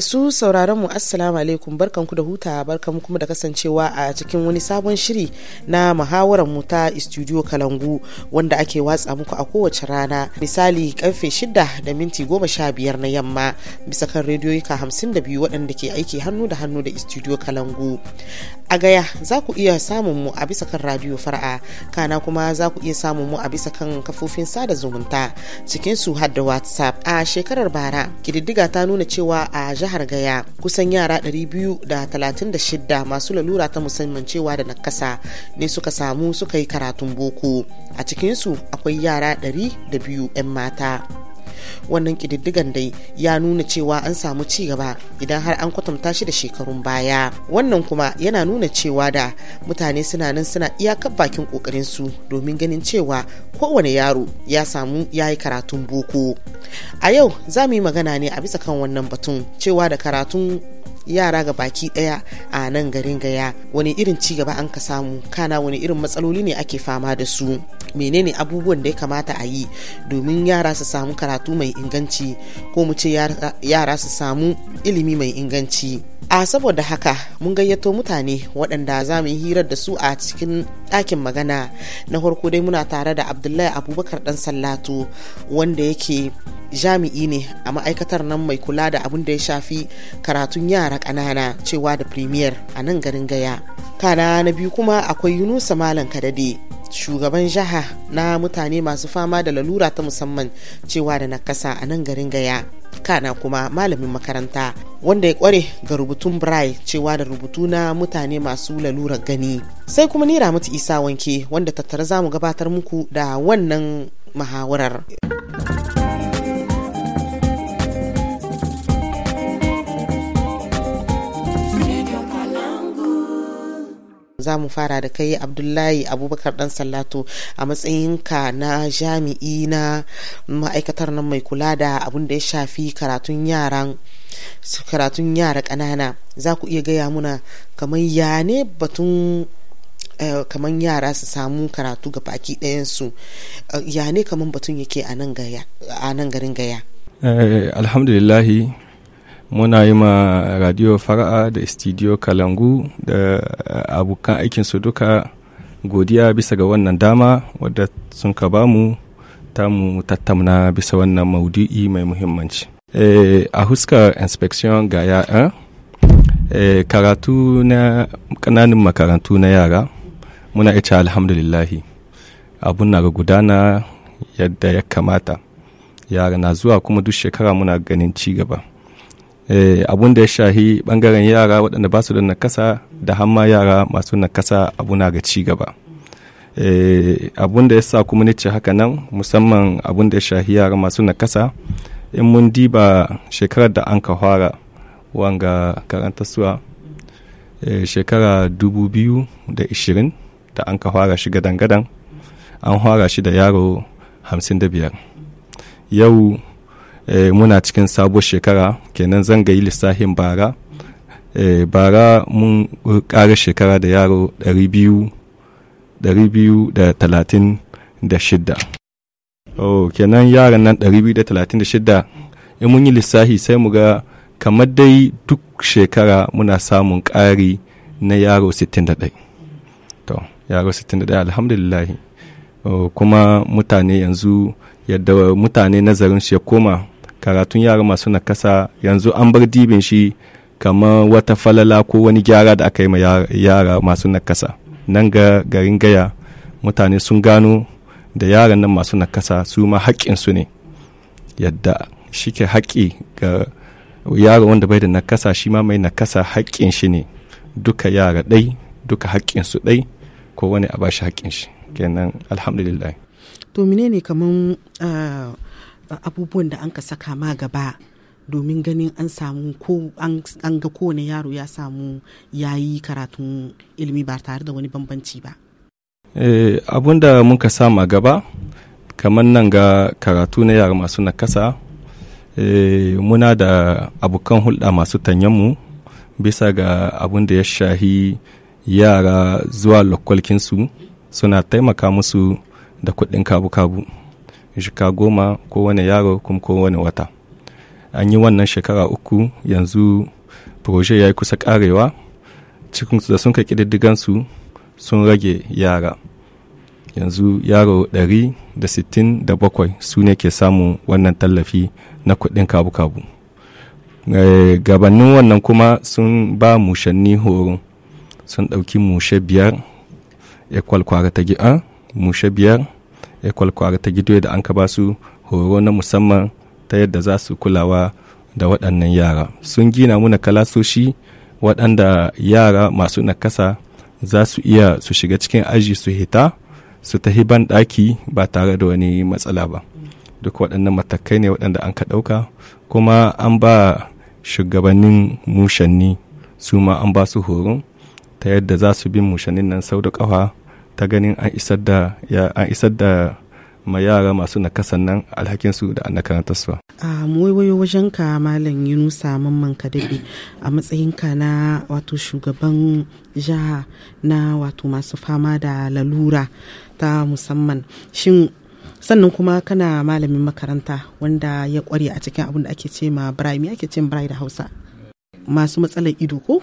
Masu sauraron mu Assalamu alaikum barkan ku da huta barkan kuma da kasancewa a cikin wani sabon shiri na muhawarar mu ta Studio Kalangu wanda ake watsa muku a kowace rana misali karfe 6 da minti 15 na yamma bisa kan rediyoyi ka 52 waɗanda ke aiki hannu da hannu da Studio Kalangu. a gaya za ku iya samun mu a bisa kan radio fara'a kana kuma za ku iya samun mu a bisa kan kafofin sada zumunta cikin su har da whatsapp a shekarar bara kididdiga ta nuna cewa a jihar gaya kusan yara 236 masu lalura ta musamman cewa da nakasa ne suka samu suka yi karatun boko a cikinsu akwai yara biyu 'yan mata wannan kididdigan dai ya nuna cewa an samu ci gaba idan har an kwatanta shi da shekarun baya wannan kuma yana nuna cewa da mutane suna nan suna iyakar bakin kokarin su domin ganin cewa kowane yaro ya samu ya yi karatun boko a yau za mu yi magana ne a bisa kan wannan batun cewa da karatun yara ga baki daya a nan garin gaya wani irin ci gaba an ka samu kana wani irin matsaloli ne ake fama da su menene abubuwan da ya kamata a yi domin yara su samu karatu mai inganci ko mu ce yara su samu ilimi mai inganci a saboda haka mun gayyato mutane waɗanda za mu yi hirar da su a cikin ɗakin magana na farko dai muna tare da abdullahi abubakar ɗan sallatu wanda yake jami'i ne a ma'aikatar nan mai kula da abin da ya shafi karatun yara ƙanana cewa da premier a nan garin gaya kana na biyu kuma akwai yunusa malam kadade shugaban jiha na mutane masu fama da lalura ta musamman cewa da na nakasa a nan garin gaya kana kuma malamin makaranta wanda ya kware ga rubutun brai cewa da rubutu na mutane masu lalurar gani sai kuma ni ramatu isa wanke wanda tattara zamu gabatar muku da wannan muhawarar. za mu fara da kai abdullahi abubakar dan sallatu a matsayinka na jami'i na ma'aikatar nan mai kula da abin da ya shafi karatun yaran karatun yara ƙanana za ku iya gaya muna kamar ya ne batun eh, kamar yara su samu karatu ga baki ɗayansu eh, ya ne kamar batun yake a nan garin gaya eh, alhamdulillahi muna yi ma radio fara'a da studio kalangu da eh, abokan aikinsu duka godiya bisa ga wannan dama wadda sun ka ba mu ta mu tattauna bisa wannan maudu'i mai muhimmanci eh, a huskar inspection ga yara eh, karatu na kananin makarantu na yara muna ita alhamdulillahi abun na gudana yadda ya kamata yara na zuwa kuma duk shekara muna ganin ci gaba Eh, abun da ya shahi bangaren yara waɗanda ba su da nakasa da hamma yara masu nakasa abuna ga ci gaba eh, abun da ya sa kuma nace haka nan musamman abun da ya shahi yara masu nakasa in mun diba shekarar da an ka fara wanga karanta suwa eh, shekara 2020 da an ka fara shi gadan-gadan an fara shi da yaro 55 yau Eh, muna cikin sabuwar shekara kenan zan ga yi lissafin bara eh, bara mun kara shekara da yaro 236 oh kenan yaran nan 236 in mun yi lissafi sai mu ga kamar dai duk shekara muna samun ƙari na yaro 61 to yaro 61 alhamdulillahi oh, kuma mutane yanzu yadda mutane nazarin su ya koma karatun yara masu nakasa yanzu an bar dibin shi kamar wata falala ko wani gyara da aka yi ma yara masu nakasa nan ga garin gaya mutane sun gano da yaran nan masu nakasa su ma haƙƙinsu ne yadda shi ke haƙƙi ga yaro wanda bai da nakasa shi ma mai nakasa haƙƙin shi ne duka yara ɗai duka haƙƙinsu ɗai ko wani a ba shi haƙƙin shi kenan alhamdulillah to menene kaman ah, abubuwan da an ka saka ma gaba domin ganin an samu ko an ga kowane yaro ya samu ya yi karatun ilimi ba tare da wani bambanci ba eh, abun da muka sama gaba kamar nan ga karatu na yara masu nakasa eh, muna da abokan hulɗa masu tanyanmu bisa ga abun da ya shahi yara zuwa lokwalkinsu suna taimaka musu da kuɗin kabu-kabu jika goma wani yaro kuma wani wata an yi wannan shekara uku yanzu proje ya yi kusa karewa cikin da sun ka su sun rage yara yanzu yaro 167 su ne ke samun wannan tallafi na kuɗin kabu-kabu eh, gabanin wannan kuma sun ba mushanni horo sun ɗauki mushe biyar ya kwalkwara ta gi'a mushe biyar ekwal ta gido da an ka ba su horo na musamman ta yadda za su kulawa da waɗannan yara sun gina muna kalasoshi waɗanda yara masu nakasa za su iya su shiga cikin aji su hita su tahi ban ɗaki ba tare da wani matsala ba duk waɗannan matakai ne waɗanda an ka ɗauka kuma an ba shugabannin mushanni su ma an ba su horon ta yadda za su bin mushannin nan sau da ƙafa ta ganin an isar da an isar da ma yara masu nakasan nan alhakinsu da na nakarantarsuwa. a waiwayo wajen ka malam yunusa mamman kadaɗe a matsayinka na wato shugaban jiha na wato masu fama da lalura ta musamman shin sannan kuma kana malamin makaranta wanda ya kware a cikin abin da ake ce ma brai ake ce brai da hausa masu matsalar ido ko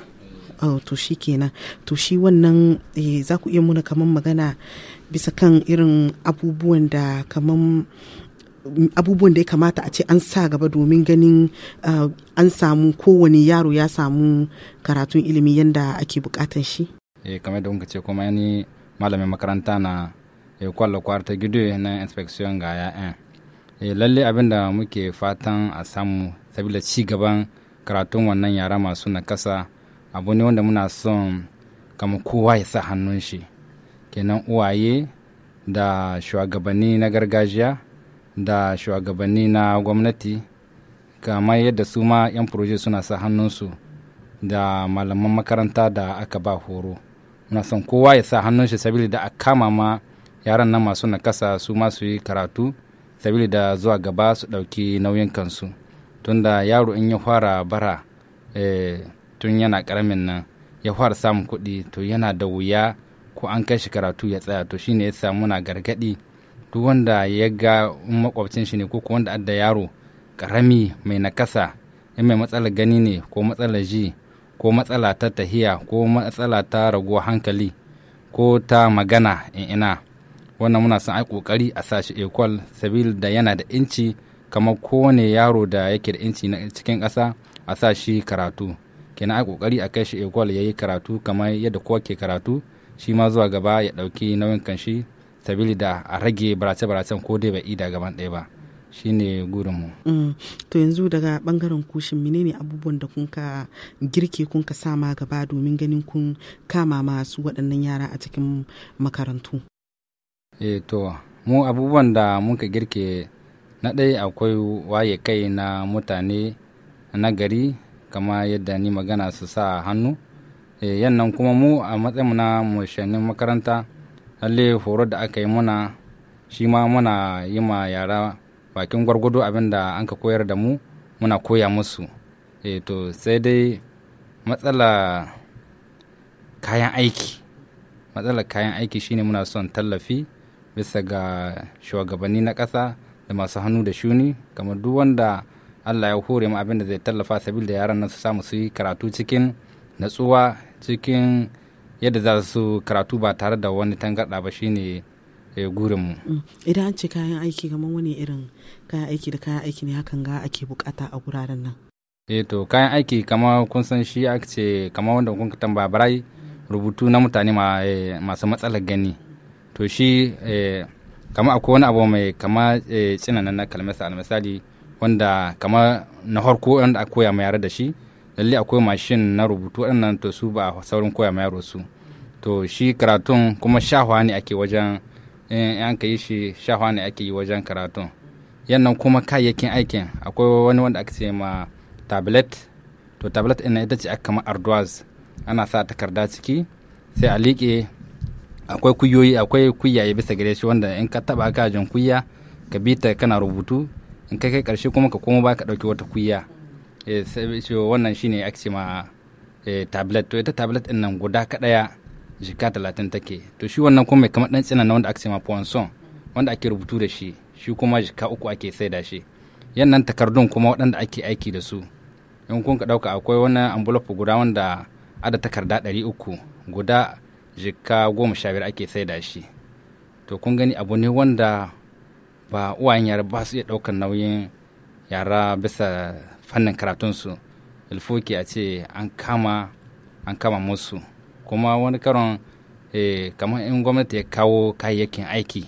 Oh, to shi kenan to shi wannan eh, za ku iya muna kamar magana bisa kan irin abubuwan da kamar abubuwan da ya kamata a ce an sa gaba domin ganin ah, an samu kowane yaro ya samu karatun ilimi yadda ake bukatan shi eh kamar da ce kuma ni malamin makaranta na eh, kwallo kwallo kwarta gido na inspection ga ya'yan e lalle abin da muke fatan a samu sabila ci gaban karatun wannan yara masu nakasa abu ne wanda muna son kama kowa ya sa hannun shi kenan uwaye da shugabanni na gargajiya da shugabanni na gwamnati kamar yadda su ma 'yan proje suna sa hannunsu da malaman makaranta da aka ba horo muna son kowa ya sa hannun shi sabili da a kama ma yaran nan masu nakasa su ma su yi karatu sabili da zuwa gaba su ɗauki nauyin kansu tunda yaro in ya fara bara eh, tun yana karamin nan ya fara samun kuɗi to yana da wuya ko an kai shi karatu ya tsaya to shine ya samu na gargaɗi duk wanda ya ga makwabcin shi ne ko kuma wanda adda yaro karami mai nakasa ya mai matsalar gani ne ko matsalar ji ko matsala ta tahiya ko matsala ta raguwa hankali ko ta magana in ina wannan muna son ai kokari a shi equal sabil da yana da inci kamar kowane yaro da yake da inci na cikin ƙasa a sa shi karatu kenan ai kokari a kai shi ecole yayi karatu kamar yadda kowa ke karatu shi ma zuwa gaba ya dauki nauyin kanshi sabili da a rage barace-baracen ko dai bai da gaban ɗaya ba shine gurinmu. Mm. To yanzu daga bangaren kushin menene abubuwan da kun ka girke kun ka sama gaba domin ganin kun kama masu waɗannan yara a cikin makarantu? E to, mu abubuwan da muka girke na ɗaya akwai waye kai na mutane na gari kama yadda ni magana su sa hannu e yannan kuma mu a matsayin na mushannin makaranta lalle horo da aka yi muna shi ma muna yi ma yara bakin gwargwado abin da an ka koyar da mu muna koya musu e to sai dai matsala kayan aiki matsalar kayan aiki shine muna son tallafi bisa ga shugabanni na ƙasa da masu hannu da shuni kamar duk wanda Allah ya hore mu abin da zai tallafa sabil da yaran nan su samu su yi karatu cikin natsuwa cikin yadda za su karatu ba tare da wani tangarɗa ba shine eh, mu. Mm. Idan an ce kayan aiki kamar wani irin kayan aiki da kayan aiki ne hakan ga ake bukata a guraren nan. Eh to kayan aiki kamar kun san shi ake ce kamar wanda kun tamba barai rubutu na mutane eh, masu matsalar gani. To shi eh, kamar akwai wani abu mai kama tsinanan na kalmasa misali wanda kamar na harko wanda a koya ma yara da shi lalle akwai mashin na rubutu waɗannan to su ba saurin koya ma yaro su to shi karatun kuma shahwa ne ake wajen in ka yi shi shahwa ne ake yi wajen karatun yannan kuma kayayyakin aikin akwai wani wanda aka ce ma tablet to tablet ɗin ita ce aka kama ana sa takarda ciki sai a liƙe akwai kuyoyi akwai kuyaye bisa gare shi wanda in ka taba ka jin kuya ka bi ta kana rubutu in kai kai karshe kuma ka koma baka ka ɗauki wata kuya eh, wannan shine ake cewa ma eh, tablet to ita tablet din nan guda kaɗaya jika talatin take to shi wannan kuma mai kamar ɗan tsina na wanda ake cewa ma poisson wanda ake rubutu da shi shi kuma jika uku ake saida shi yannan takardun kuma waɗanda ake aiki da su in kun ka ɗauka akwai wani envelope guda wanda ada takarda ɗari uku guda jika goma sha biyar ake saida shi to kun gani abu ne wanda ba uwayen yara ba su iya ɗaukar nauyin yara bisa fannin karatunsu ilfoki a ce an kama an kama musu kuma wani karon eh, kamar in gwamnati ya kawo kayayyakin aiki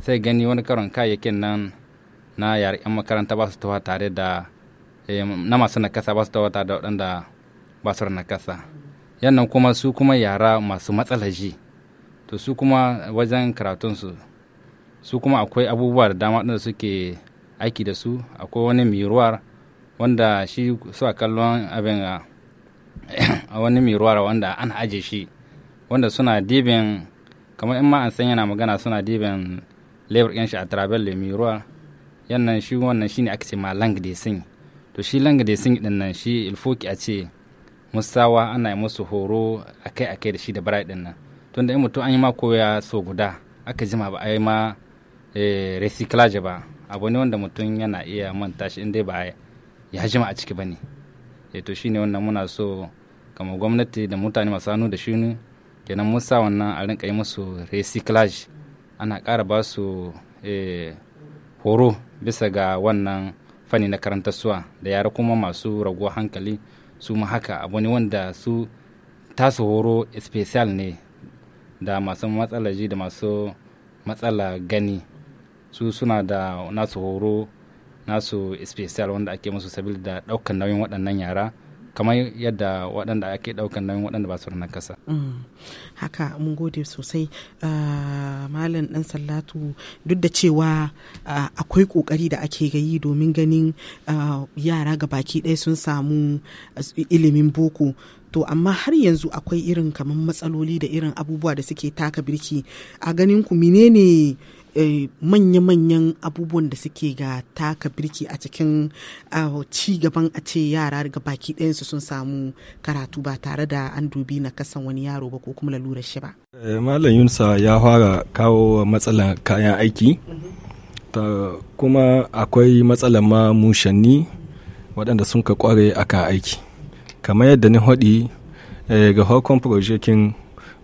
sai gani wani karon kayayyakin nan na yara 'yan makaranta ba su tawa tare da eh, na masu nakasa ba su tawa tare da waɗanda ba su nakasa yannan kuma su kuma yara masu matsalaji to su kuma wajen karatunsu su kuma akwai abubuwa da dama da suke aiki da su akwai wani miruwar wanda shi a kallon abin a wani miruwar wanda an aje shi wanda suna dibin kamar in ma an san yana magana suna dibin lebur shi a travel da miruwar yannan shi wannan shine ake ce ma lang de sing to shi lang de sing din nan shi ilfoki a ce musawa ana yi musu horo akai akai da shi da barai din nan tunda in mutum an yi ma koya so guda aka jima ba a yi ma Eh, reciclage ba abu ne wanda mutum yana iya manta shi inda ba ya jima a ciki ba ne eh, to shi ne wanda muna so kamar gwamnati da mutane masu hannu da shinu kenan mun sa wannan a rinka yi musu reciclage ana kara ba su eh, horo bisa ga wannan fani na karantarsuwa da yara kuma masu raguwa hankali su ma haka abu ne wanda su tasu horo special ne da masu matsalaji da masu matsala gani su suna da nasu horo nasu special wanda ake musu sabili da daukan nauyin waɗannan yara kamar yadda waɗanda ake ɗaukan nauyin waɗanda ba su da nakasa. Mm. haka mun gode sosai ah, malam dan sallatu duk da cewa ah, akwai ƙoƙari da ake gayi domin ganin ah, yara ga baki ɗaya sun samu ilimin boko to amma har yanzu akwai irin kamar matsaloli da irin abubuwa da suke taka birki a ganin ku menene Eh, manya-manyan abubuwan da suke ga taka birki a cikin ci gaban a ce yara daga baki ɗayansu sun samu karatu ba tare da an dubi na kasan wani yaro ba ko kuma lalurar shi ba. Eh, Malam Yunsa ya fara kawo matsalan kayan aiki, kuma akwai matsalan ma mushanni waɗanda sun ka kware a kan aiki. Kamar yadda ni haɗi eh, ga hokon projekin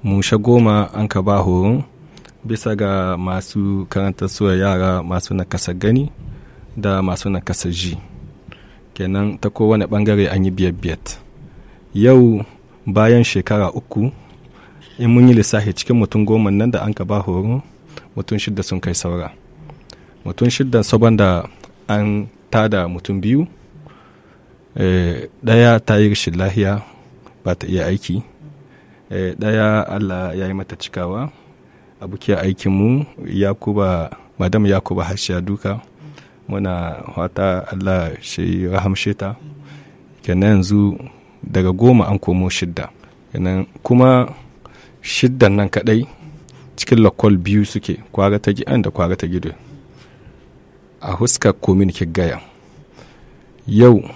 mushe goma an ka ba horon. bisa ga masu karanta suwa yara masu nakasa gani da masu nakasa ji kenan ta kowane bangare an yi biyat yau bayan shekara uku in mun yi lissafi cikin mutum goma nan da an ka ba horo mutum shidda sun kai saura mutum shidda saban da an tada mutum biyu eh, ɗaya ta yi rashin lahiya ba ta iya aiki eh, ɗaya allah ya yi mata cikawa Abuke aikinmu yakuba madam yakuba hashiya duka muna fata allah shi rahamshe ta kenan yanzu daga goma an komo shidda kenan kuma shiddan nan kadai cikin lokal biyu suke kwara ta gi'an da kwara ta gido a huskar komin gaya yau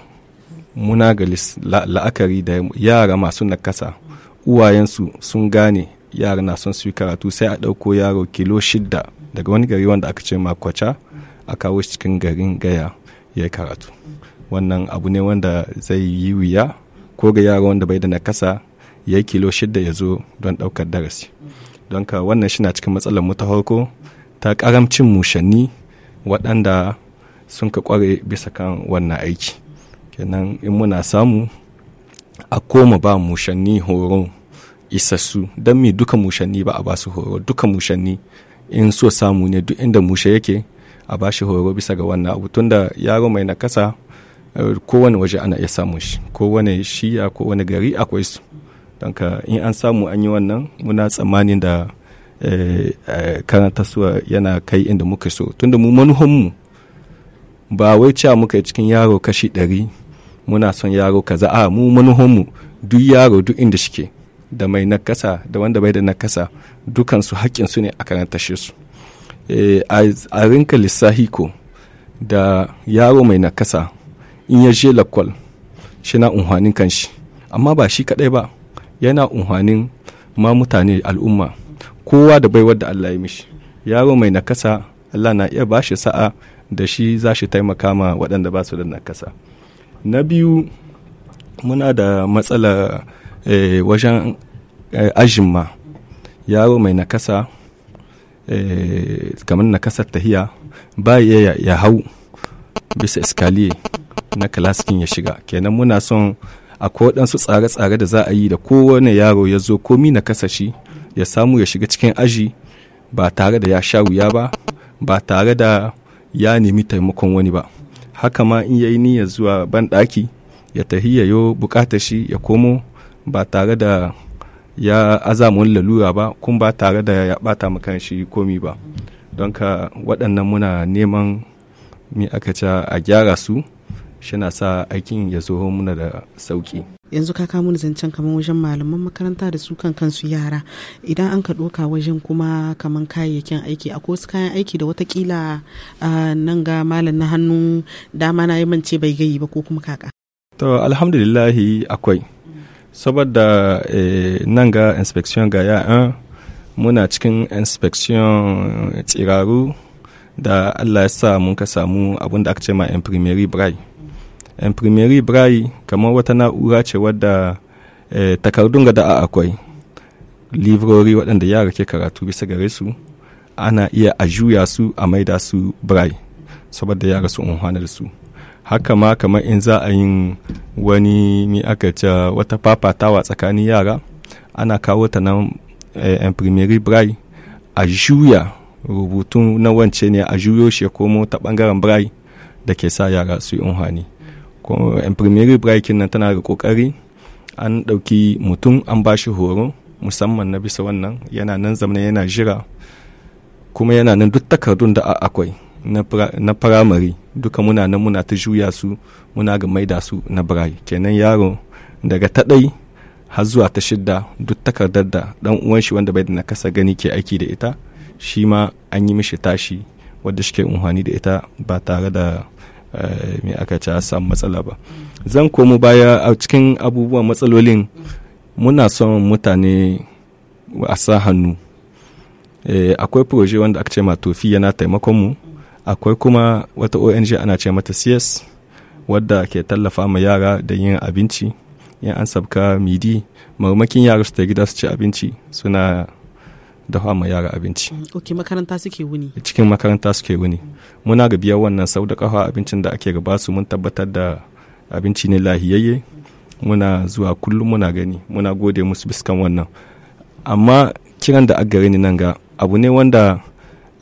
muna ga la'akari da yara masu nakasa uwayensu sun gane yara na son su yi karatu sai a ɗauko yaro kilo shida daga wani gari wanda aka ce makwaca a kawo shi cikin garin gaya ya karatu wannan abu ne wanda zai yi wuya ko ga yaro wanda bai da na kasa ya yi kilo shida ya zo don ɗaukar darasi don ka wannan shi na cikin matsalar mu ta farko ta karamcin mushanni waɗanda sun ka kware bisa kan wannan aiki kenan in muna samu a koma ba mushanni horo isassu don mi duka mushanni ba a ba su horo duka mushanni in so samu ne duk inda mushe yake a ba shi horo bisa ga wannan abu tunda yaro mai nakasa eh, kowane waje ana iya samun shi kowane shiya kowane gari akwai su don ka in an samu an yi wannan muna tsammanin da eh, eh, karanta suwa yana kai inda muka so tunda mu manuhanmu ba wai cewa muka cikin yaro kashi ɗari muna son yaro kaza a mu manuhanmu duk yaro duk inda shike da mai nakasa da wanda bai da nakasa dukansu su ne a karantashe su eh, a rinka lissahi ko da yaro mai nakasa in ya je lakwal shi na unhwanin kanshi amma ba shi kadai ba yana unhwanin ma mutane al'umma kowa da baiwar da Allah ya mishi yaro mai nakasa Allah na iya bashi sa'a da shi za shi taimaka ma waɗanda ba su da nakasa na biyu muna da matsalar Eh, wajen eh, ajin ma yaro mai nakasa eh, kamar nakasar tahiya ba ya ya hau bisa iskaliye na kilaskin ya shiga kenan muna son akwai waɗansu tsare-tsare da za a yi da kowane yaro ya zo komi na shi ya samu ya shiga cikin aji ba tare da ya sha wuya ba ba tare da ya nemi taimakon wani ba haka ma in ya yi niyyar zuwa banɗaki ya tahiyayo bukatar shi ya komo ba tare da ya azamun lalura ba kuma ba tare da ya bata makan shi komi ba don ka waɗannan muna neman mi aka ce a gyara su shina sa aikin ya zo muna da sauki yanzu ka kawo zancen kamar wajen malaman makaranta da su kan kansu yara idan an ka ɗoka wajen kuma kamar kayayyakin aiki a wasu kayan aiki da watakila nan ga malam na hannu dama na yi mance bai gayi ba ko kuma kaka to alhamdulillahi akwai saboda eh, nan ga inspection ga ya'an muna cikin inspection tsiraru da allah ya sa mun ka samu abin da aka ce ma imprimeri brai imprimeri brai kamar wata na'ura ce wadda eh, takardun ga da akwai livrori waɗanda yara ke karatu bisa gare su ana iya a juya su a maida su brai saboda yara su unhwana da su haka ma kamar in za a yi wani mi aka ce wata fafatawa tsakanin yara ana kawo ta nan imprimeri eh, brai a juya rubutu na wance ne a juyo shi komo ta bangaren brai da ke sa yara su yi unhani imprimeri brai nan tana da kokari an ɗauki mutum an ba shi horo musamman na bisa wannan yana nan zamanin yana jira kuma yana nan duk takardun da akwai na firamare duka muna nan muna ta juya su muna ga maida su na birai kenan yaro daga ta har zuwa ta shidda duk takardar da ɗan uwan shi wanda bai da nakasa gani ke aiki da ita shi ma an yi mishi tashi wadda shi ke unhani da ita ba tare da eh, mai aka ci samu matsala ba zan komo baya a cikin abubuwan matsalolin muna son mutane a sa hannu eh, akwai proje wanda aka ce ma tofi yana taimakon mu akwai kuma wata ong ana ce mata cs wadda ke tallafa ma yara da yin abinci yan an sabka midi marmakin yara su ta gida su ci abinci suna dafa ma yara abinci mm, ok makaranta suke wuni cikin makaranta suke wuni muna ga biyar wannan sau da kafa abincin da ake gaba su mun tabbatar da abinci ne lahiyayye muna zuwa kullum muna gani muna gode musu biskan wannan amma kiran da a ni nan ga abu ne wanda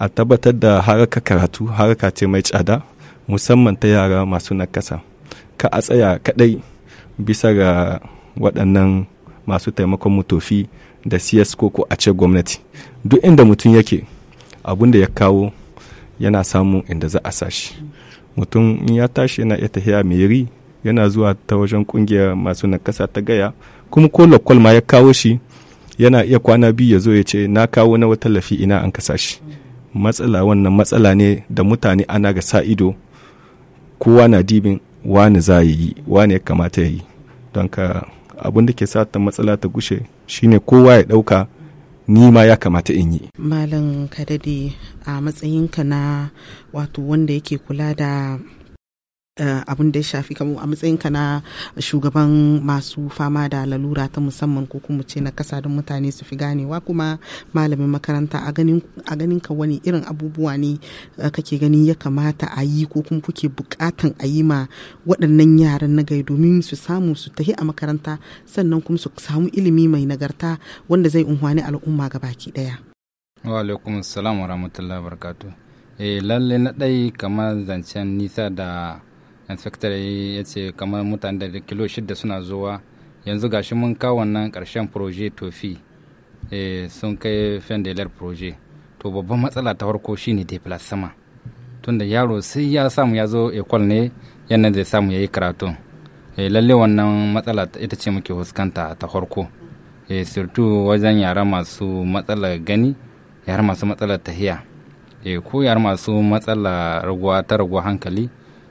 a tabbatar da haraka karatu haraka ce mai tsada musamman ta yara masu nakasa ka a tsaya kadai bisa ga waɗannan masu taimakon mutofi da cs koko a ce gwamnati duk inda mutum yake abun da ya kawo yana samu inda za a sashi mutum in ya tashi yana iya tafiya meri yana zuwa ta wajen kungiyar masu nakasa ta gaya kuma ko lokwal ma ya kawo shi yana iya kwana biyu ya zo ya ce na kawo na wata lafi ina an kasa shi matsala wannan matsala ne da mutane ana ga sa ido kowa na dibin wani za yi wani ya kamata ya yi don ka abin da ke sa ta matsala ta gushe shine kowa ya ɗauka ni ma ya kamata in yi. Malam kadadi a matsayinka na wato wanda yake kula da Eh, abin da ya shafi kamar a matsayin ka na shugaban masu fama da lalura ta musamman ko kuma ce na kasa don mutane su fi ganewa kuma malamin makaranta a ganin ka wani irin abubuwa ne eh, kake gani ya kamata a yi ko kuma kuke bukatan a yi ma waɗannan yaran na gai domin su samu su tafi a makaranta sannan kuma su samu ilimi mai nagarta wanda zai unhwani al'umma ga baki ɗaya. wa alaikum salam wa rahmatullahi wa barakatuh eh lalle na ɗai kamar zancen nisa da inspector ya ce kamar mutane da kilo shida suna zowa yanzu ga shi mun kawo wannan karshen proje tofi eh, sun kai fendelar proje to babban matsala ta farko shine sama tunda yaro sai ya samu ya zo ekol ne yana zai samu ya yi karatu eh, lalle wannan matsala ita ce muke fuskanta ta farko eh, sirtu wajen yara masu matsala gani yara masu matsala tahiya ko yara masu matsala raguwa ta raguwa hankali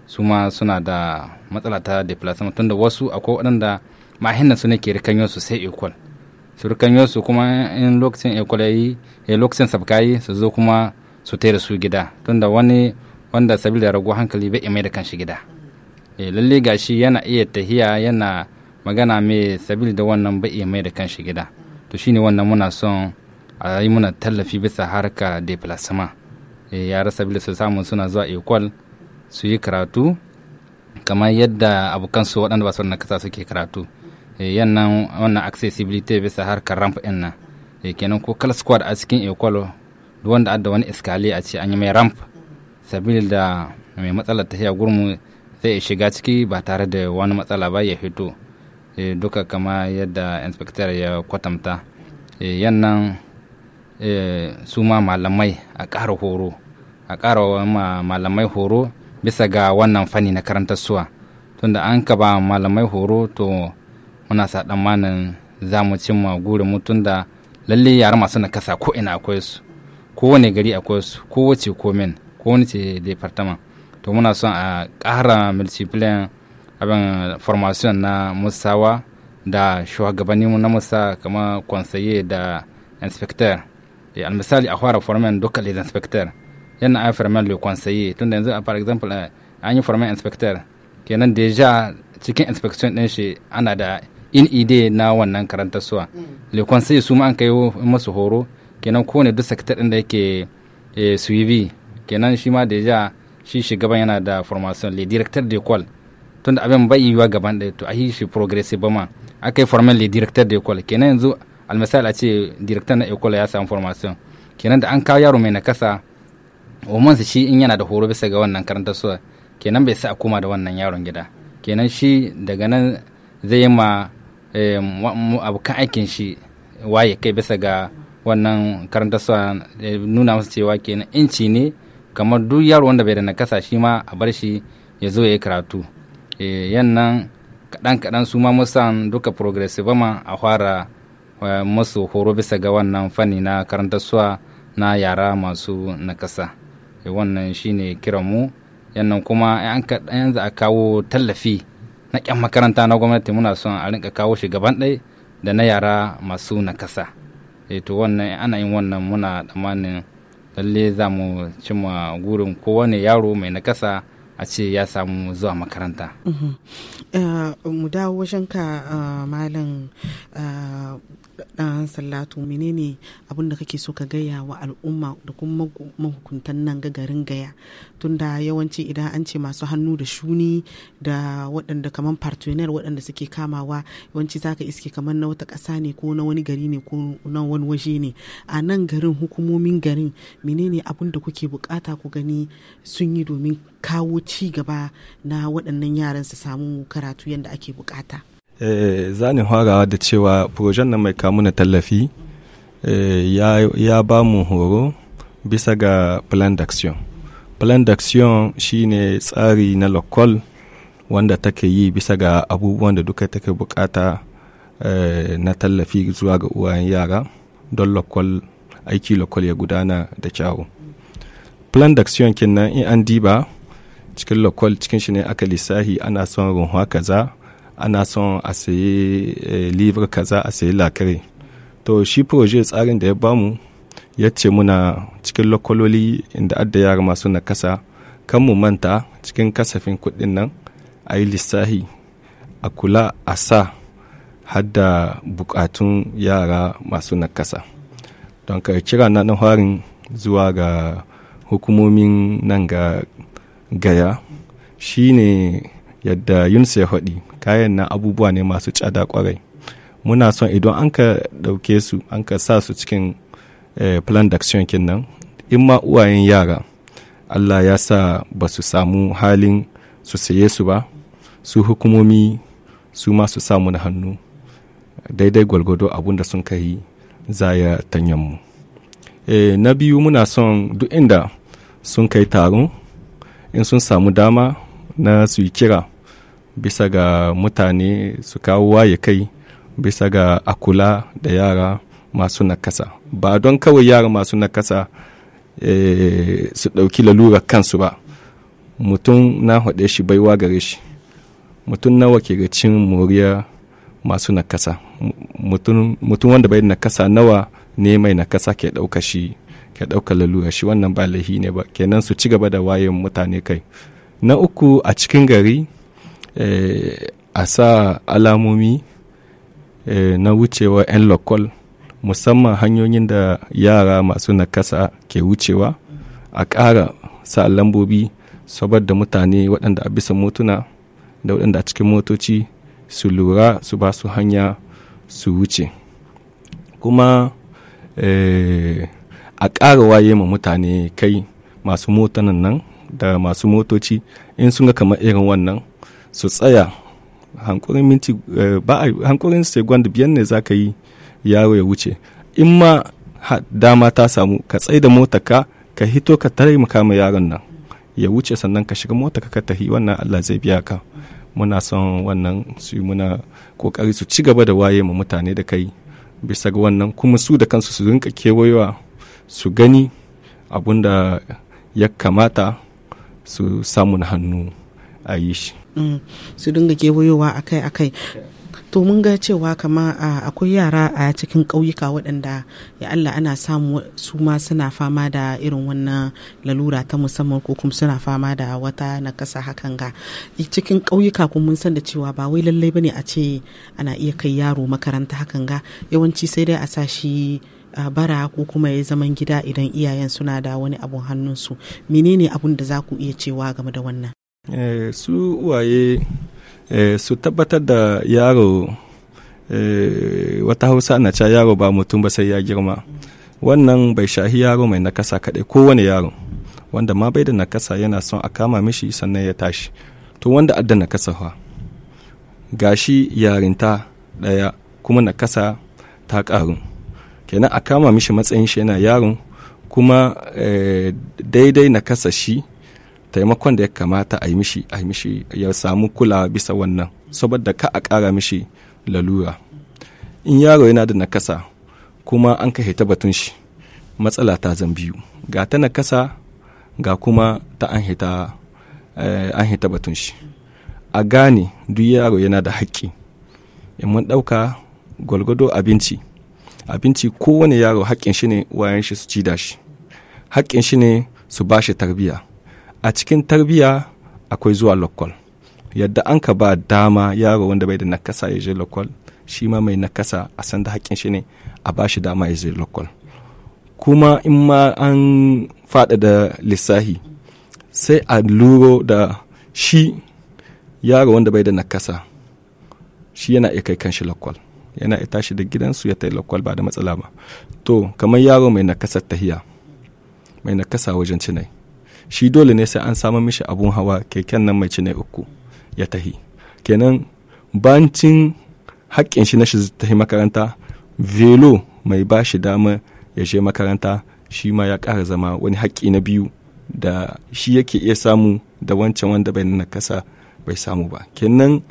su ma suna da matsala ta deplacement tunda wasu akwai waɗanda hinna su ne ke su sai ekwal su su kuma in lokacin ekwal yayi ya eh, lokacin sabka yi su zo kuma su tere su gida tunda wani wanda sabil da rago hankali bai mai da kanshi gida eh, lalle gashi yana iya tahiya yana magana mai sabil da wannan bai mai da kanshi gida to shine wannan muna son a yi muna tallafi bisa harka deplacement eh, yara sabili su samu suna zuwa ekwal. su yi karatu kamar yadda abokan su waɗanda ba su wannan kasa suke karatu eh, yannan wannan accessibility bisa harkar ramp ɗin nan eh, kenan ko kala squad a cikin ekwalo duk wanda adda wani iskali a ce an yi mai ramp sabili da mai matsalar tafiya gurmu zai shiga ciki ba tare da wani matsala ba ya fito eh, duka kama yadda inspector ya kwatanta yannan su ma malamai a ƙara horo a ƙara ma malamai horo bisa ga wannan fani na karantar suwa tunda an ka ba malamai horo to muna sa tsammanin za mu cimma gurin mu da lalle yara masu nakasa ko ina akwai su ko wani gari akwai su ko min komen wani ce departament to muna son a ƙara multiplayer abin formation na musawa da shugabanninmu na musa kamar conseiller da inspector eh, misali a fara formation duka inspector yana a firman le conseiller tunda yanzu for example an yi firman inspector kenan deja cikin inspection din shi ana da in ide na wannan karanta suwa mm. le conseiller su ma an kai masu horo kenan ne duk sector din da yake eh, suivi kenan shi ma deja shi shugaban yana da formation le directeur de l'école tunda abin bai yiwa gaban da to a yi shi progressive ma akai yi formal le directeur de l'école kenan yanzu almisal a ce directeur na école ya samu formation kenan da an kawo yaro mai nakasa su shi in yana da horo bisa ga wannan karanta suwa kenan bai sa a koma da wannan yaron gida kenan shi daga nan zai ma eh, abokan aikin shi waye kai bisa ga wannan karanta suwa eh, nuna masa cewa kenan ci ne kamar duk yaro wanda bai da nakasa shi ma a bar shi ya zo ya yi karatu eh, yannan kaɗan-kaɗan su ma musan duka progressive ma a fara musu horo bisa ga wannan fanni na karanta suwa na yara masu nakasa. Eh, wannan shine kiran mu yannan kuma yanzu a kawo tallafi na kyan makaranta na gwamnati muna son a rinka kawo shi gaban ɗai da na yara masu nakasa eh, to wannan ana yin wannan muna tsammanin lalle za mu cimma gurin kowane yaro mai nakasa a ce ya samu zuwa makaranta. Mm-hmm. Eh, mu dawo shanka dan sallatu menene abin da kake so ka gaya wa al'umma da kuma mahukuntan nan ga garin gaya tunda yawanci idan an ce masu hannu da shuni da waɗanda kamar partner waɗanda suke kamawa yawanci zaka iske kamar na wata ƙasa ne ko na wani gari ne ko na wani waje ne a nan garin hukumomin garin menene abin da kuke bukata ku gani sun yi domin kawo ci gaba na waɗannan yaran su samu karatu yadda ake bukata Eh, zanin harawa da cewa projen na mai kamu na tallafi eh, ya ba mu horo bisa ga plan d'action plan d'action shine tsari na lokal wanda take yi bisa ga abubuwan da duka take bukata eh, na tallafi zuwa ga uwayen yara don lokal aiki lokal ya gudana da kyawu plan d'action kin in an diba cikin lokal cikin shi ne aka lissahi ana son runwa kaza ana son a sayi eh, livre kaza a sayi lakare to shi projet tsarin da ya bamu ya ce muna cikin lokololi inda adda yara masu nakasa kan mu manta cikin kasafin kuɗin nan a yi lissahi a kula a sa hadda bukatun yara masu nakasa don ka kira na harin zuwa ga hukumomin nan ga gaya shine yadda yunsa ya faɗi kayan nan abubuwa ne masu tsada kwarai muna son idan an ka ɗauke su an ka sa su cikin eh, plan d'action kin in ma uwayen yara allah ya sa ba su samu halin su saye su ba su hukumomi su ma su samu na hannu daidai gwalgwado abun da sun kai zaya tanyanmu mu eh, na biyu muna son duk inda sun kai taron in sun samu dama na su yi kira bisa ga mutane su kawo waye kai bisa ga akula da yara masu nakasa ba don kawai yara masu nakasa e, su ɗauki lalurar kansu ba mutum na haɗe shi baiwa gare shi mutum nawa ke ga cin moriya masu nakasa mutum wanda bai nakasa nawa ne mai nakasa ke ɗauka shi ke ɗauka lalura shi wannan ba lahi ne ba kenan su ci gaba da wayan mutane kai na uku a cikin gari Eh, a sa alamomi eh, na wucewa 'yan lokal musamman hanyoyin da yara masu nakasa ke wucewa a ƙara sa lambobi saboda mutane waɗanda a bisa motuna da waɗanda a cikin motoci su lura su ba su hanya su wuce kuma eh, a ƙara waye ma mutane kai masu motanan nan da masu motoci in sun ga kamar irin wannan su tsaya hankurin minti eh, ba hankurin gwanda biyan ne za ka yi yaro ya wuce in ma dama ta samu ka tsai da mota ka ka hito ka taimaka kama yaron nan ya wuce sannan ka shiga mota ka tahi wannan Allah zai biya ka muna son wannan su yi muna kokari su ci gaba da waye ma mutane da kai bisa ga wannan kuma su da kansu su rinka kewayewa su gani abun da ya kamata su samun hannu a yi shi Mm, su dinga kewayowa akai-akai to mun ga cewa kama akwai yara a cikin ƙauyuka waɗanda ya Allah ana samu su ma suna fama da irin wannan lalura ta musamman ko kuma suna fama da wata nakasa hakan ga cikin ƙauyuka kuma mun san da cewa ba wai lallai bane a ce ana iya kai yaro makaranta hakan ga yawanci sai dai a sa shi a bara ko kuma ya zaman gida idan iyayen suna da wani abun hannunsu menene abun da za ku iya cewa game da wannan Eh, su uwaye eh, su tabbatar da yaro eh, wata hausa na ca yaro ba mutum ba sai ya girma wannan bai shahi yaro mai nakasa kaɗai kowane yaro wanda ma bai da nakasa yana son a kama mishi sannan ya tashi to wanda adda nakasa fa gashi yarinta ɗaya kuma nakasa ta karu kenan a kama mishi matsayin shi yana yaron kuma daidai nakasa shi taimakon da ya kamata a yi mishi a yi mishi ya samu kula bisa wannan saboda ka a ƙara mishi lalura in yaro yana da nakasa kuma an ka hita batun shi matsala ta zan biyu ga ta nakasa ga kuma ta an hita eh, an hita batun shi a gane duk yaro yana da haƙƙi in mun ɗauka gwalgwado abinci abinci kowane yaro haƙƙin shi ne wayan shi su ci da shi haƙƙin shi ne su ba shi tarbiyya a cikin tarbiyya akwai zuwa lokal yadda an ka ba dama yaro wanda bai da nakasa ya je lokal shi ma mai nakasa a san da haƙƙin shi ne a ba shi dama ya je lokal kuma in ma an faɗa da lissahi sai a luro da shi yaro wanda bai da nakasa shi yana iya kai kanshi lakwal yana iya tashi da gidansu ya tai lakwal ba da matsala ba to kamar yaro mai nakasar tahiya mai nakasa wajen cinai shi dole ne sai an samu mishi abun hawa keken nan mai cinai uku ya tahi kenan bancin haƙƙin shi na shi tahi makaranta velo mai ba shi dama ya je makaranta shi ma ya ƙara zama wani haƙƙi na biyu da shi yake iya samu da wancan wanda bai nakasa bai samu ba kenan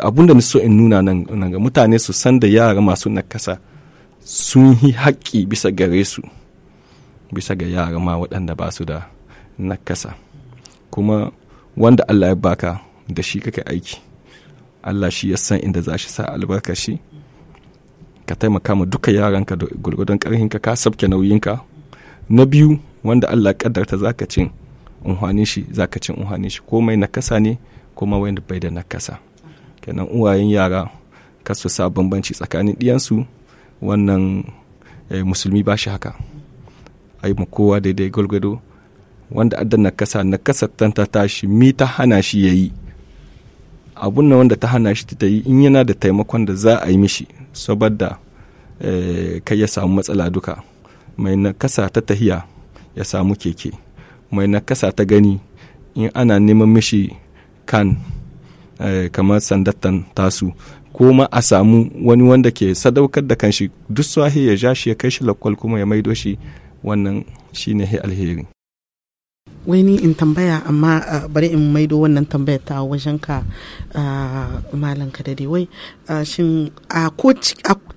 abun da so in nuna nan ga mutane su san da yara masu nakasa sun yi haƙƙi bisa gare su bisa ga yara ma waɗanda ba su da na kasa kuma wanda Allah ya baka da shi kake aiki Allah shi ya san inda za shi sa albarka shi ka taimaka ma duka yaranka da gwargwadon karhinka ka sabke nauyinka na biyu wanda Allah kaddarta zaka cin unhwanin shi zaka cin unhwanin shi komai nakasa ne kuma wanda bai da nakasa kenan uwayen yara su sa bambanci tsakanin ɗiyansu wannan eh, musulmi ba shi haka ai mu kowa daidai gwalgwado wanda adda nakasa nakasa tan ta tashi mi ta hana shi ya yi abun wanda ta hana shi ta yi in yana da taimakon da za a yi mishi saboda eh, kai ya samu matsala duka mai nakasa ta tahiya ya samu keke mai nakasa ta gani in ana neman mishi kan eh, kamar sandattan tasu ko ma a samu wani wanda ke sadaukar da kanshi duk swahi ya ja shi ya kai shi lakwal kuma ya maido shi wannan shine alheri wani in tambaya amma ah, bari in maido wannan tambaya ta wajen ka ah, malam ka dai wai ah, shin a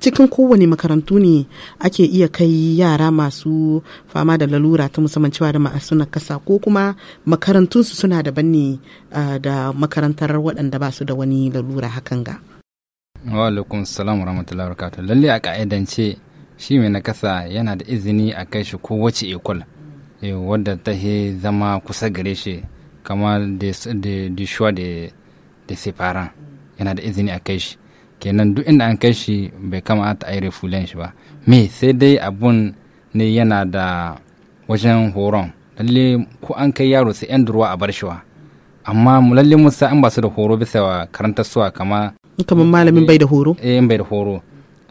cikin kowane makarantu ne ake iya kai yara masu fama da lalura ta musamman cewa da masu kasa ko kuma makarantunsu suna daban ne da makarantar waɗanda ba su da wani lalura hakan ga wa alaikum salam wa rahmatullahi wa barakatuh lalle a ka'idance shi mai nakasa yana da izini a kai shi ko wace ekol wadda ta zama kusa gare shi kamar da shuwa da sefaran yana da izini a kai shi kenan duk inda an kai shi bai kamata a yi refulen shi ba me sai dai abun ne yana da wajen horon lalle ko an kai yaro sai yan durwa a bar shi wa amma lalle musa an ba su da horo bisa wa karanta suwa kama kamar malamin bai da horo eh bai da horo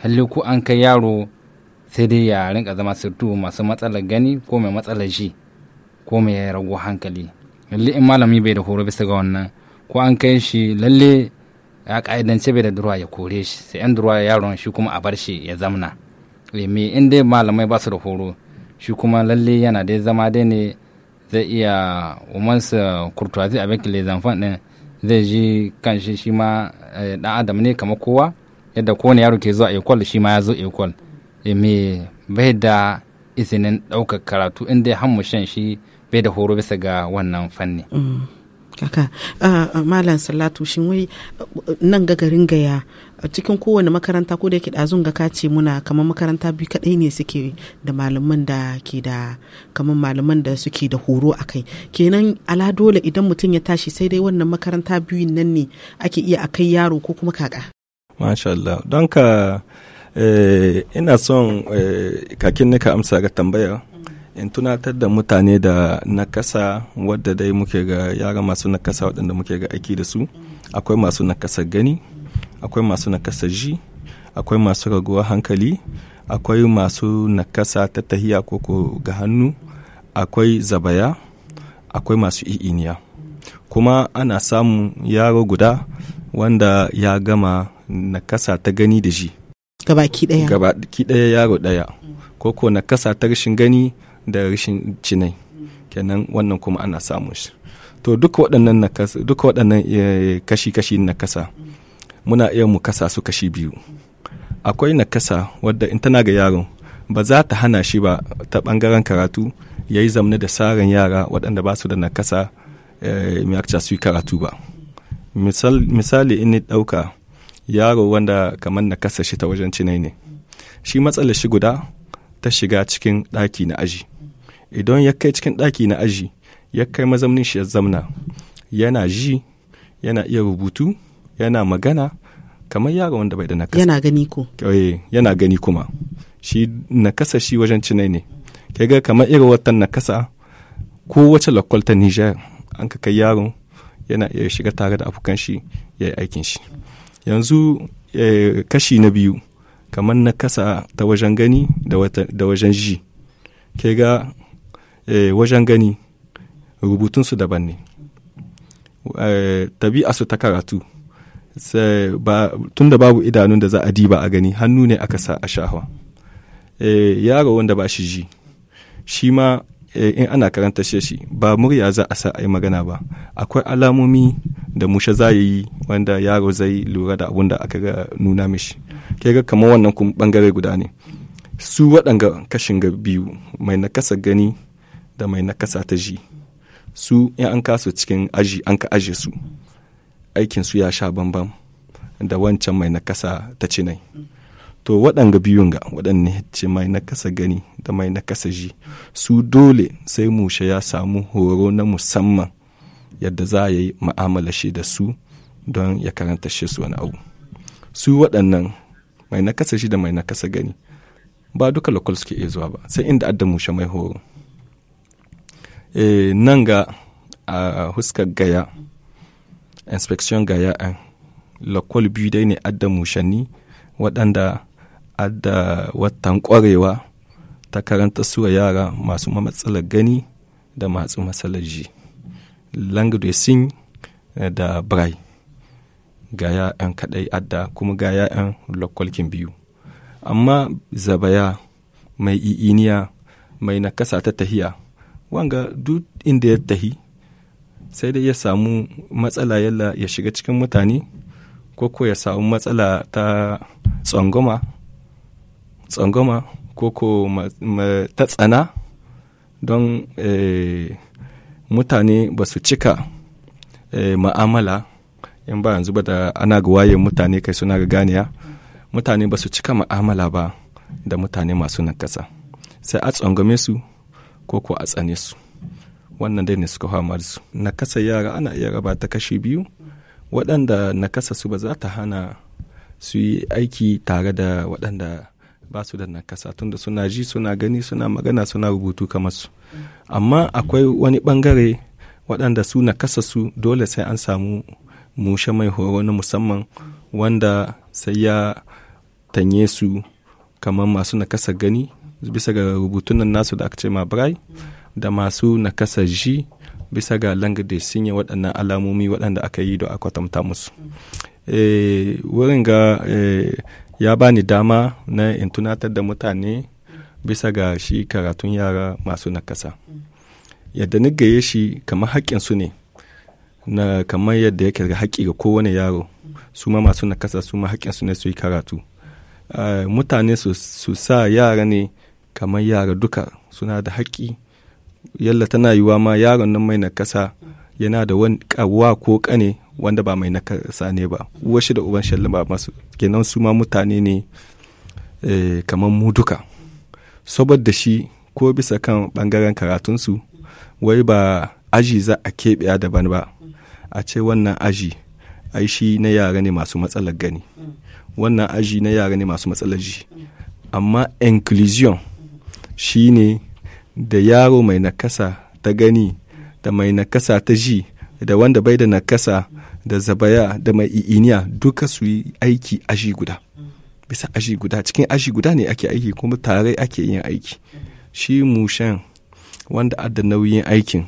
lalle ko an kai yaro sai dai ya rinka zama sirtu masu matsalar gani ko mai matsalar shi ko mai ragu hankali lalle in malami bai da horo bisa ga wannan ko an kai shi lalle ya ka'idance bai da durwa ya kore shi sai yan durwa yaron shi kuma a bar shi ya zamna eh, me in dai malamai ba su da horo shi kuma lalle yana dai zama dai ne zai iya umarsa kurtuwazi a bakin lezanfan din zai ji kan shi shi ma dan eh, adam ne kamar kowa yadda kowane yaro ke zuwa ekol shi ma ya zo ekol. me bai da izinin ɗaukar karatu inda ya shan shi bai da horo bisa ga wannan fanni. Mm, kaka, ah, ah, Malam Salatu shin wai nan ga garin gaya cikin kowane makaranta ko da yake ɗazun ga kace muna kamar makaranta biyu kaɗai ne suke da malaman da ke da kamar malaman da suke da horo a kai kenan ala dole idan mutum ya tashi sai dai wannan makaranta biyu nan ne ake iya a kai yaro ko kuma kaka masha Allah don ka Eh, ina son eh, kakin nika amsa ga tambaya in tunatar da mutane da nakasa wadda dai muke ga yara masu nakasa waɗanda muke ga aiki da su akwai masu nakasar gani akwai masu nakasar ji akwai masu raguwar hankali akwai masu nakasa ta tahiya koko ga hannu akwai zabaya akwai masu i'iniya kuma ana samun yaro guda wanda ya gama nakasa ta gani da ji gabaki daya gabaki daya yaro daya ko ko na kasa ta rashin gani da rashin cinai kenan wannan kuma ana samun shi to duk waɗannan duka waɗannan kashi-kashi eh, na kasa muna iya mu kasa su kashi biyu akwai na kasa wadda in tana ga yaron ba za ta hana shi ba ta ɓangaren karatu yayi zamne da sarin yara waɗanda ba su da nakasa eh, mai su karatu ba misali in ni ɗauka yaro wanda kamar na kasa shi ta wajen cinai ne shi matsalar shi guda ta shiga cikin ɗaki na aji idan ya kai cikin ɗaki na aji ya kai mazamnin shi ya zamna yana ji yana iya rubutu yana magana kamar yaro wanda bai da nakasa yana gani ko eh, yana gani kuma shi kasa shi wajen cinai ne kai ga kamar irin watan nakasa ko wace lakwal ta Nijar an ka kai yaro yana iya shiga tare da abokan shi ya yi aikin shi yanzu eh, kashi na biyu kamar na kasa ta wajen gani da wajen ji ke ga eh, wajen gani rubutunsu daban ne eh, tabi'asu ta karatu ba, tun da babu idanun da za a diba a gani hannu ne aka sa a shahwa eh, yaro wanda ba shi ji shi ma Eh, in ana karanta shi ba murya za a sa a yi magana ba akwai alamomi da musha za yi wanda yaro zai lura da abun da aka ga nuna mishi ke ga kamar wannan kuma bangare guda ne su waɗanga kashin ga biyu mai nakasa gani da mai nakasa ta ji su in an kasu cikin aji an ka aje su aikin su ya sha bambam da wancan mai nakasa ta cinai to waɗanga biyun ga waɗanne ce mai na kasa gani da mai na kasa ji su dole sai mushe ya samu horo na musamman yadda za a yi ma'amala shi da su don ya karanta shi su wani abu su waɗannan mai na kasa shi da mai na kasa gani ba duka lokal suke iya zuwa ba sai inda adda mushe mai horo e, nan ga a huskar gaya inspection gaya eh, lokal biyu dai ne adda mushanni waɗanda adda watan ƙwarewa ta karanta suwa yara masu matsalar gani da masu matsalar ji language sin eh, da brai ga ya'yan kaɗai adda kuma ga ya'yan lokwalkin biyu amma zabaya mai i'iniya mai nakasa ta tahiya wanga duk inda ya tahi sai dai ya samu matsala yalla ya shiga cikin mutane ko ko ya samu matsala ta tsangwama tsangwama ko ko ta tsana don eh, mutane ba su cika eh, ma'amala in ba yanzu ba da ana ga waye mutane kai suna ga ganiya mutane ba su cika ma'amala ba da mutane masu nakasa sai a tsangwame su ko ko a tsane su wannan dai ne suka fama da su nakasa yara ana iya raba ta kashi biyu waɗanda nakasa su ba za ta hana su yi aiki tare da waɗanda ba su da nakasa tunda suna ji suna gani suna magana suna rubutu kamar su amma akwai wani bangare waɗanda su nakasa su dole sai an samu mushe mai horo na musamman wanda sai ya tanye su kamar masu nakasa gani bisa ga rubutunan nasu da aka ce ma brai da masu nakasa ji bisa ga langa da sinye waɗannan alamomi waɗanda aka yi da a musu eh, wurin ga eh, ya bani dama na in tunatar da mutane bisa ga shi karatun yara masu nakasa yadda ni gaye shi kamar haƙƙinsu ne na kamar yadda yake da haƙƙi ga kowane yaro su ma masu nakasa su ma haƙƙinsu ne su yi karatu mutane su sa yara ne kamar yara duka suna da haƙƙi yalla tana yiwa ma yaron nan mai nakasa yana da wani ko ƙane wanda ba mai nakasa ne ba washi da uban shallin ba masu kenan su ma mutane ne eh, kamar mu duka saboda shi ko bisa kan bangaren karatunsu wai ba aji za a keɓe daban ba a ce wannan aji ai shi na yara ne masu matsalar gani wannan aji na yara ne masu matsalar ji amma inclusion shi ne da yaro mai nakasa ta gani da mai nakasa ta ji da wanda bai da nakasa da zabaya da mai iniya duka su yi aiki aji guda bisa aji guda cikin aji guda ne ake aiki kuma tare ake yin aiki shi mushen wanda adda nauyin aikin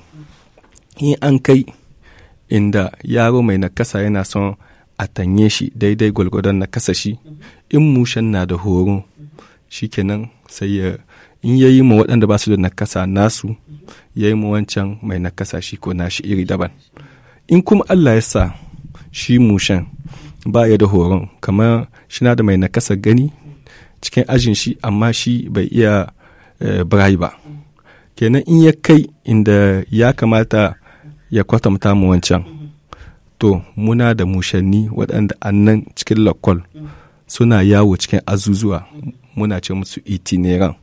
in an kai inda yaro mai nakasa yana son a tanye shi daidai gwalgwadon nakasa shi in mushen na da horo shikenan sai ya in ya ma waɗanda ba su da nakasa nasu ya ma wancan mai nakasa shi ko nashi iri daban in kuma allah ya sa shi mushen ba ya da horon kamar shi na da mai nakasa gani cikin ajin shi amma shi bai iya eh, birai ba kenan in ya kai inda ya kamata ya kwatanta mu wancan to muna da mushanni waɗanda annan cikin lakwal suna yawo cikin azuzuwa muna ce musu itineran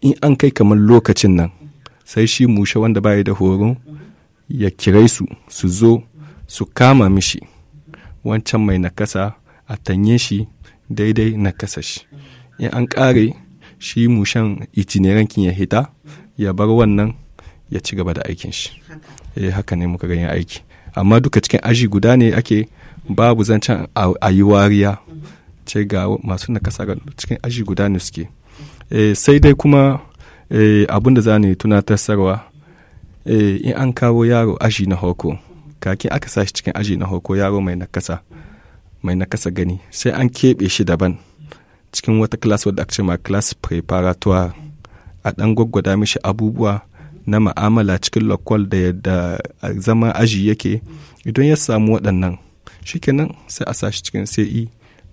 in an kai kamar lokacin nan sai shi mushe wanda baya da horo ya kirai su su zo su kama mishi wancan mai nakasa a tanye shi daidai nakasa shi in an kare shi mushen itinerankin ya hita ya bar wannan ya ci gaba da aikin shi eh haka ne muka ganin aiki amma duka cikin aji guda ne ake babu zancen a yi wariya ce ga masu nakasa cikin aji guda ne suke eh, sai dai kuma eh, abin da za ne tunatar sarwa eh, in an kawo yaro aji na hoko kake aka sa shi cikin aji na hoko yaro mai nakasa mai nakasa gani sai an keɓe shi daban cikin wata class wadda aka ce ma class preparatoire a ɗan gwaggwada mishi abubuwa na ma'amala cikin lokwal da yadda zama aji yake idan ya samu waɗannan shikenan sai a sa shi cikin sai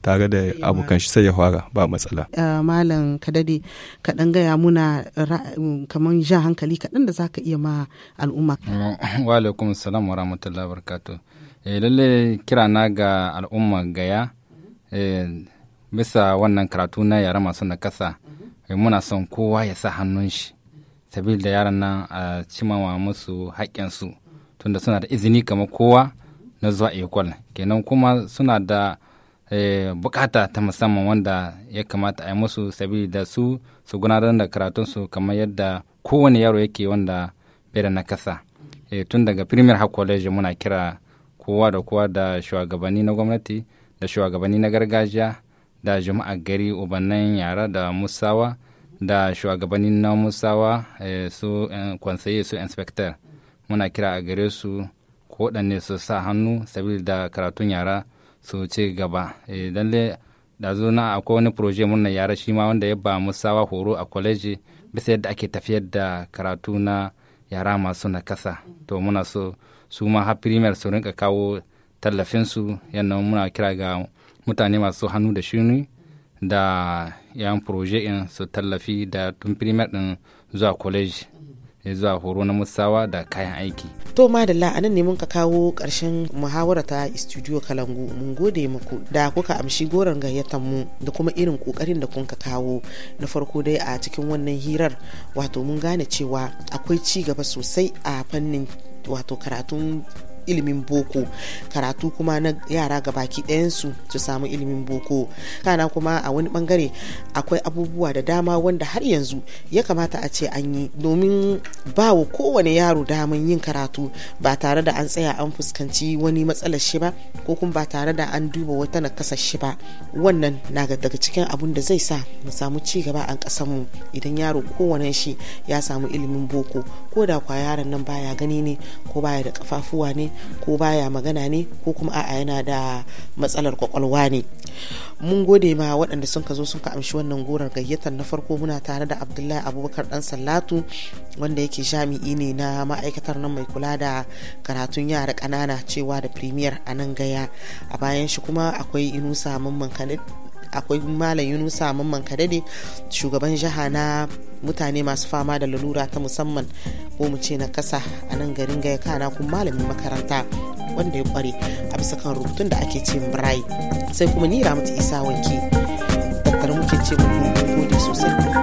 tare da abokan shi sai ya fara ba matsala. Eh, Malam kadade kaɗan gaya muna kamar jan hankali kaɗan da za ka iya ma al'umma. Wa salam wa rahmatullahi barakatu. Eh, lalle kira na ga al'umma gaya eh, bisa wannan karatu na yara masu nakasa muna son kowa ya sa hannun shi Sabil da yaran nan a cimawa musu haƙƙinsu tunda suna da izini kamar kowa na zuwa ekol kenan kuma suna da Eh, bukata ta musamman wanda ya kamata a yi musu sabida su su gudanar da karatunsu kamar yadda kowane yaro yake wanda bai da nakasa eh, tun daga premier har college muna kira kowa da kowa da shugabanni na gwamnati da shugabanni na gargajiya da jama'a gari ubannin yara da musawa da shugabanni na musawa eh, su kwansaye su inspector muna kira a gare su ko su sa hannu da karatun yara su ci gaba idan da zo na akwai wani proje na yara shi ma wanda ya ba musawa horo a kwaleji bisa yadda ake tafiyar da karatu na yara masu kasa to muna so su ma har primer su rinka kawo tallafinsu yadda muna kira ga mutane masu hannu da shuni da yan proje in su tallafi da tun primer din zuwa kwaleji ya zuwa horo na musawa da kayan aiki. To Madalla a nan ne mun ka kawo ƙarshen muhawara ta Studio Kalangu mun gode muku da kuka amshi goron gayyatar mu da kuma irin ƙoƙarin da kun ka kawo na farko dai a cikin wannan hirar wato mun gane cewa akwai ci gaba sosai a fannin wato karatun ilimin boko karatu kuma na yara gabaki ɗayansu su samu ilimin boko kana kuma a wani bangare akwai abubuwa da dama wanda har yanzu ya kamata a ce an yi domin ba wa kowane yaro daman yin karatu ba tare da an tsaya an fuskanci wani matsalar shi ba ko kuma ba tare da an duba wata nakasar shi ba wannan na daga cikin abun da zai sa mu samu ci gaba a ƙasarmu idan yaro kowane shi ya samu ilimin boko ko da kwa yaron nan baya gani ne ko baya da kafafuwa ne ko baya magana ne ko kuma a'a yana da matsalar kwakwalwa ne mun gode ma waɗanda sun ka zo sun ka amshi wannan gorar gayyatar na farko muna tare da abdullahi abubakar dan sallatu wanda yake jami'i ne na ma'aikatar nan mai kula da karatun yara kanana cewa da premier a nan gaya a bayan shi kuma akwai inusa mamman kanit akwai malam yunusa mamman kadade shugaban jiha na mutane masu fama da lalura ta musamman ko mu ce na kasa a nan garin gaya kana kuma malamin makaranta wanda ya kware a bisa kan rubutun da ake ce birai sai kuma ni ramatu isa wanke tattara muke ce mu gode sosai